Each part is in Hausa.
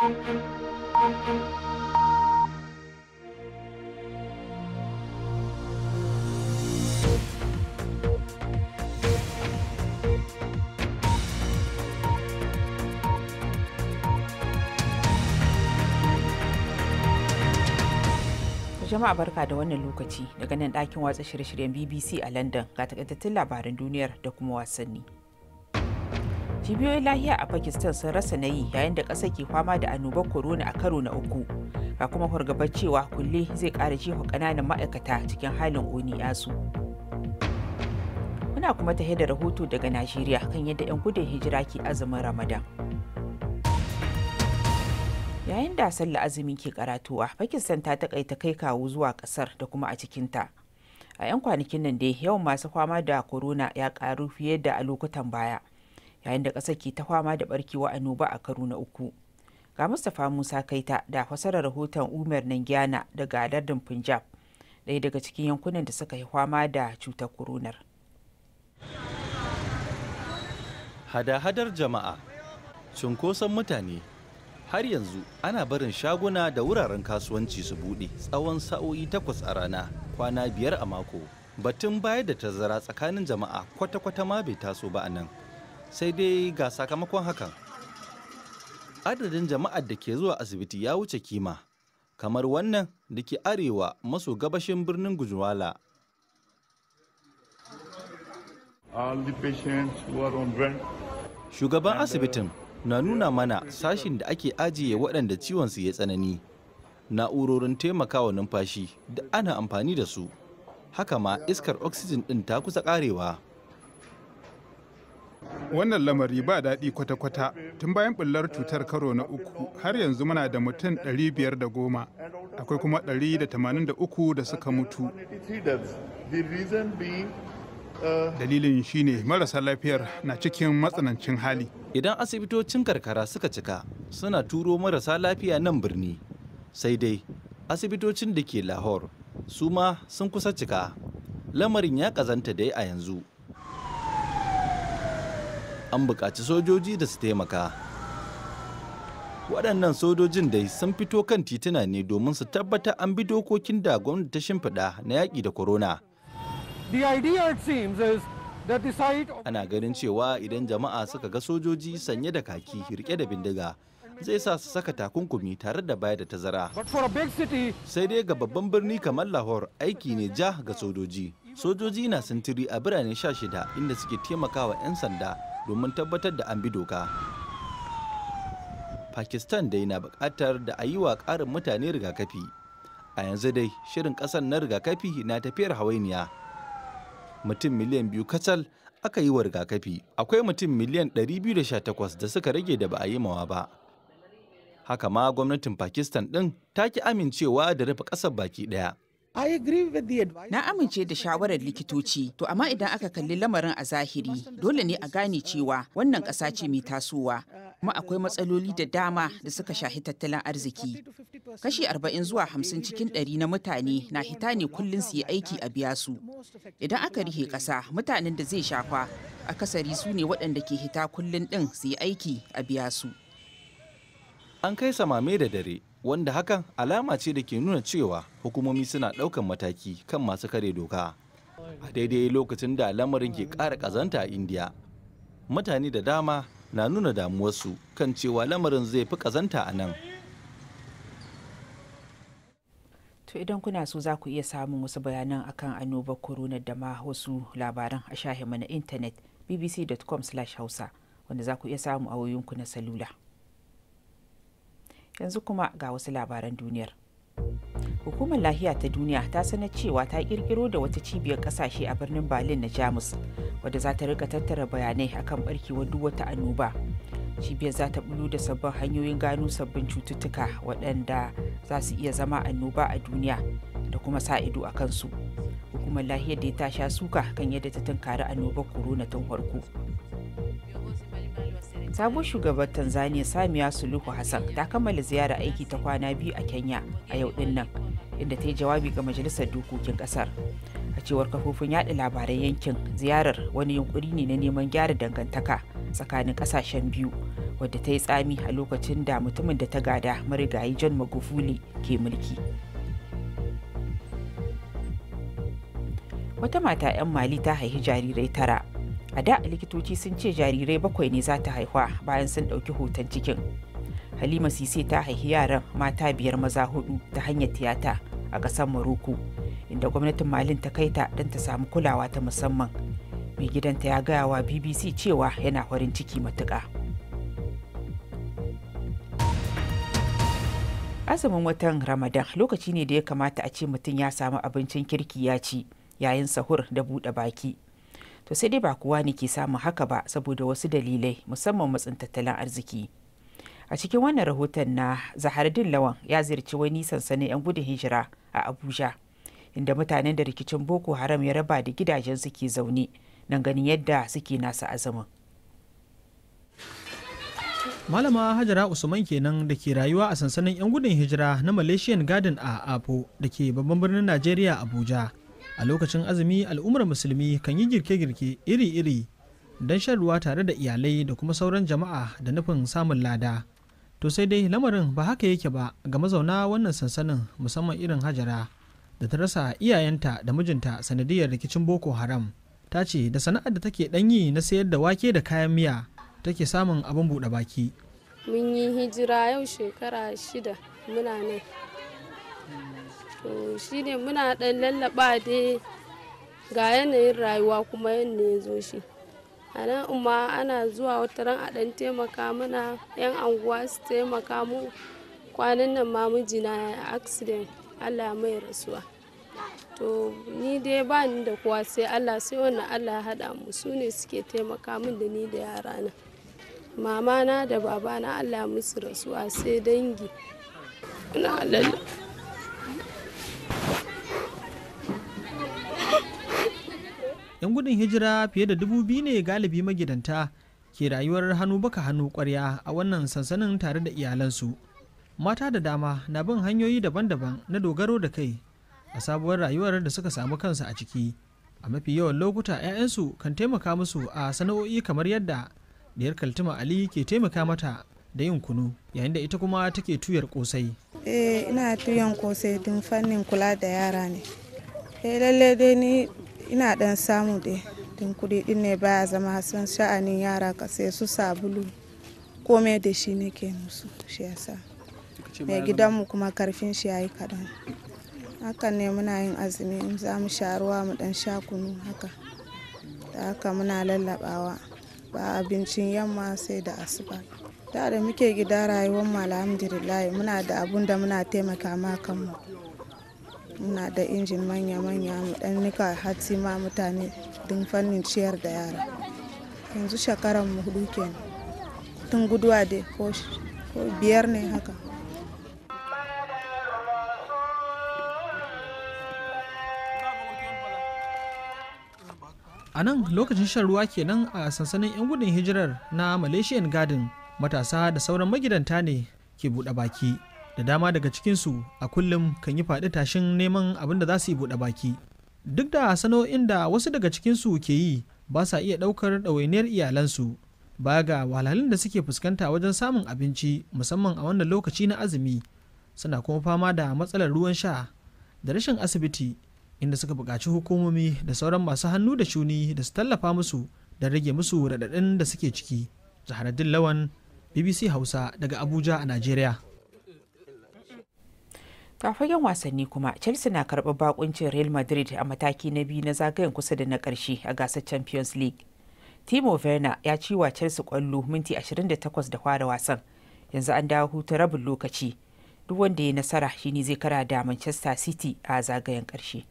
jama'a barka da wannan lokaci daga nan ɗakin watsa shirye-shiryen bbc a london ga takaitattun labarin duniyar da kuma wasanni cibiyoyin lahiya a pakistan sun rasa nayi yayin da ƙasa ke fama da annobar corona a karo na uku ga kuma fargabar cewa kulle zai ƙara jefa ƙananan ma'aikata cikin halin oni yasu muna kuma tahe da rahoto daga najeriya kan yadda 'yan gudun hijira ke azumin ramadan yayin da sallah azumi ke karatuwa pakistan ta takaita kai kawo zuwa kasar da kuma a cikinta a 'yan kwanakin nan dai yawan masu fama da corona ya karu fiye da a lokutan baya yayin da ƙasar ke ta fama da barkewa annoba a karo na uku ga mustapha musa kaita da fasarar rahoton umar nangiana daga lardin punjab daya daga cikin yankunan da suka yi fama da cutar koronar hada-hadar jama'a cunkoson mutane har yanzu ana barin shaguna da wuraren kasuwanci su buɗe tsawon sa'o'i takwas a rana kwana biyar a mako batun baya da tazara tsakanin jama'a kwata-kwata ma bai taso ba a nan sai dai ga sakamakon hakan adadin jama'ar da ke zuwa asibiti ya wuce kima kamar wannan da ke arewa maso gabashin birnin gujuwala shugaban uh, asibitin na nuna mana sashin da ake ajiye waɗanda ciwonsu ya tsanani na'urorin taimakawa numfashi da ana amfani da su haka ma iskar oxygen ɗin ta kusa ƙarewa. Wannan lamari ba daɗi kwata-kwata tun bayan ɓullar cutar karo na uku har yanzu muna da mutum biyar da goma, akwai kuma 183 da suka mutu. Dalilin shine marasa lafiyar na cikin matsanancin hali. Idan asibitocin karkara suka cika suna turo marasa lafiya nan birni sai dai asibitocin da ke Lahore su ma sun kusa cika. Lamarin ya ƙazanta dai a yanzu. an buƙaci sojoji da su taimaka waɗannan sojojin dai sun fito kan tituna ne domin su tabbatar an bi dokokin da gwamnati ta shimfiɗa na yaƙi da corona ana ganin cewa idan jama'a suka ga sojoji sanye da kaki riƙe da bindiga zai sa su saka takunkumi tare da baya da tazara sai dai ga babban birni kamar lahore aiki ne ja ga sojoji sojoji na sintiri a birane 16 inda suke taimakawa 'yan sanda domin tabbatar da an bi doka pakistan dai na buƙatar da a yi wa ƙarin mutane rigakafi a yanzu dai shirin ƙasar na rigakafi na tafiyar hawainiya mutum miliyan biyu kacal aka yi wa rigakafi akwai mutum miliyan 218 da suka rage da ba a yi mawa ba haka ma gwamnatin pakistan ɗin ta ki amincewa da rufe ƙasar baki ɗaya Na amince da shawarar likitoci, to amma idan aka kalli lamarin a zahiri, dole ne a gane uh, cewa wannan ƙasa ce mai tasowa. Uh, kuma akwai matsaloli da dama da suka shahi tattalin arziki. Kashi arba'in zuwa hamsin cikin ɗari na mutane na hita ne kullum su yi aiki a biya su. Idan aka rihe ƙasa, mutanen da zai shafa, akasari su ne waɗanda ke hita kullum ɗin su yi aiki a biya su. an kai samame da dare wanda hakan alama ce da ke nuna cewa hukumomi suna ɗaukan mataki kan masu kare doka a daidai lokacin da lamarin ke kara kazanta a indiya mutane da dama na nuna damuwarsu kan cewa lamarin zai fi kazanta a nan to idan kuna so za ku iya samun wasu bayanan akan annobar corona da ma wasu labaran a shahinmu na intanet bbc.com/hausa wanda za ku iya samu a wayoyinku na salula. yanzu kuma ga wasu labaran duniyar hukumar lahiya ta duniya ta sanar cewa ta kirkiro da wata cibiyar kasashe a birnin berlin na jamus wadda za ta rika tattara bayanai akan barkewar duk wata annoba cibiyar za ta bulu da sabbin hanyoyin gano sabbin cututtuka waɗanda za su iya zama annoba a duniya da kuma sa ido a kansu hukumar lahiyar da ta sha suka kan yadda ta tunkari annobar corona tun farko sabon Shugaban tanzania samiya suluhu hassan ta kammala ziyara aiki ta kwana biyu a kenya a yau din nan inda ta yi jawabi ga majalisar dokokin kasar a cewar kafofin yaɗa labaran yankin ziyarar wani yunkuri ne na neman gyara dangantaka tsakanin kasashen biyu wadda ta yi tsami a lokacin da mutumin da ta gada marigayi john magufuli ke mulki wata mata 'yan mali ta haihi jarirai tara a da likitoci sun ce jarirai bakwai ne za ta haihuwa bayan sun ɗauki hoton cikin halima sise ta haihi yaran mata biyar maza hudu ta hanyar tiyata a ƙasar maroko inda gwamnatin malin ta kai ta don ta samu kulawa ta musamman mai gidanta ya gaya wa bbc cewa yana farin ciki matuƙa azumin watan ramadan lokaci ne da ya kamata a ce mutum ya samu abincin kirki ya ci yayin sahur da buɗe baki to sai dai ba kowa ne ke samun haka ba saboda wasu dalilai musamman matsin tattalin arziki a cikin wannan rahoton na zahardin lawan ya ziyarci wani sansanin 'yan gudun hijira a abuja inda mutanen da rikicin boko haram ya raba da gidajen suke zaune nan ganin yadda suke nasa azumin malama hajara usman kenan da ke rayuwa a sansanin 'yan gudun hijira na malaysian garden a apo da ke babban birnin najeriya abuja a lokacin azumi al'ummar musulmi kan yi girke-girke iri-iri don shan ruwa tare da iyalai da kuma sauran jama'a da nufin samun lada to sai dai lamarin ba haka yake ba ga mazauna wannan sansanin musamman irin hajara da ta rasa iyayenta da mijinta sanadiyar rikicin boko haram ta ce da sana'ar da take yi na sayar da wake da kayan miya take samun abin buɗe baki mun yi hijira yau shekara shida muna nan to shine muna dan lallaba dai ga yanayin rayuwa kuma yadda ya zo shi a nan umma ana zuwa wata ran a dan taimaka mana yan anguwa su taimaka mu kwanan nan ma mijina ya accident allah mai rasuwa to ni dai ba ni da kowa sai allah sai wannan allah ya haɗa mu su ne suke taimaka min da ni da yara na mama na da baba na allah musu rasuwa sai dangi ina 'yan gudun hijira fiye da dubu biyu ne galibi magidanta ke rayuwar hannu baka hannu kwarya a wannan sansanin tare da iyalansu mata da dama na bin hanyoyi daban-daban na dogaro da kai a sabuwar rayuwar da suka samu kansu a ciki a mafi yawan lokuta 'ya'yansu kan taimaka musu a sana'o'i kamar yadda diyar kaltuma ali ke taimaka mata da yin kunu yayin da ita kuma take tuyar kosai eh ina tuyan kosai tun fannin kula da yara ne eh lalle dai ni ina dan samu da din kudi din ne baya zama san sha'anin yara ka sai su sabulu komai da shi nake musu shi yasa mai gidanmu kuma karfin shi yayi kaɗan hakan ne muna yin azumi in za mu sha ruwa mu dan sha kunu haka da haka muna lallabawa ba abincin yamma sai da asuba da da muke gida rayuwar mu alhamdulillah muna da abun da muna taimaka ma kanmu muna da injin manya-manya mu dan nika hatsi ma mutane don fannin ciyar da yara yanzu shekarar mu hudu kenan tun guduwa da ko biyar ne haka a nan lokacin shan ruwa kenan a sansanin 'yan gudun hijirar na malaysian garden matasa da sauran magidanta ne ke bude baki da dama daga cikinsu a kullum kan yi faɗi tashin neman abin da za su yi buɗe baki duk da sana'o'in da wasu daga cikinsu ke yi ba sa iya ɗaukar ɗawainiyar iyalansu ba ga wahalhalun da suke fuskanta wajen samun abinci musamman a wannan lokaci na azumi suna kuma fama da matsalar ruwan sha da rashin asibiti inda suka buƙaci hukumomi da sauran masu hannu da shuni da su tallafa musu da rage musu raɗaɗin da suke ciki zaharaddin lawan bbc hausa daga abuja a najeriya a wasanni kuma chelsea na karɓar bakuncin real madrid a mataki na biyu na zagayen kusa da na karshe a gasar champions league timo werner ya ci wa chelsea kwallo minti 28 da fara wasan yanzu an dawo hutu rabin lokaci duk wanda ya nasara shine zai kara da manchester city a zagayen karshe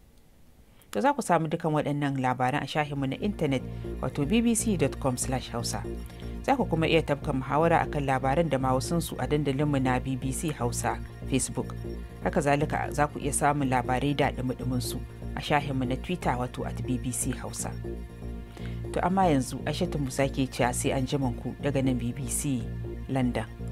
da za ku samu dukan waɗannan labaran a shahinmu na intanet wato bbc.com hausa za ku kuma iya tafka muhawara akan labaran da ma wasunsu a dandalinmu na bbc hausa facebook haka zalika za ku iya samun labarai da dumi su a shahinmu na twitter wato at bbc hausa to amma yanzu aishatu musa ke cewa sai an ku daga nan bbc london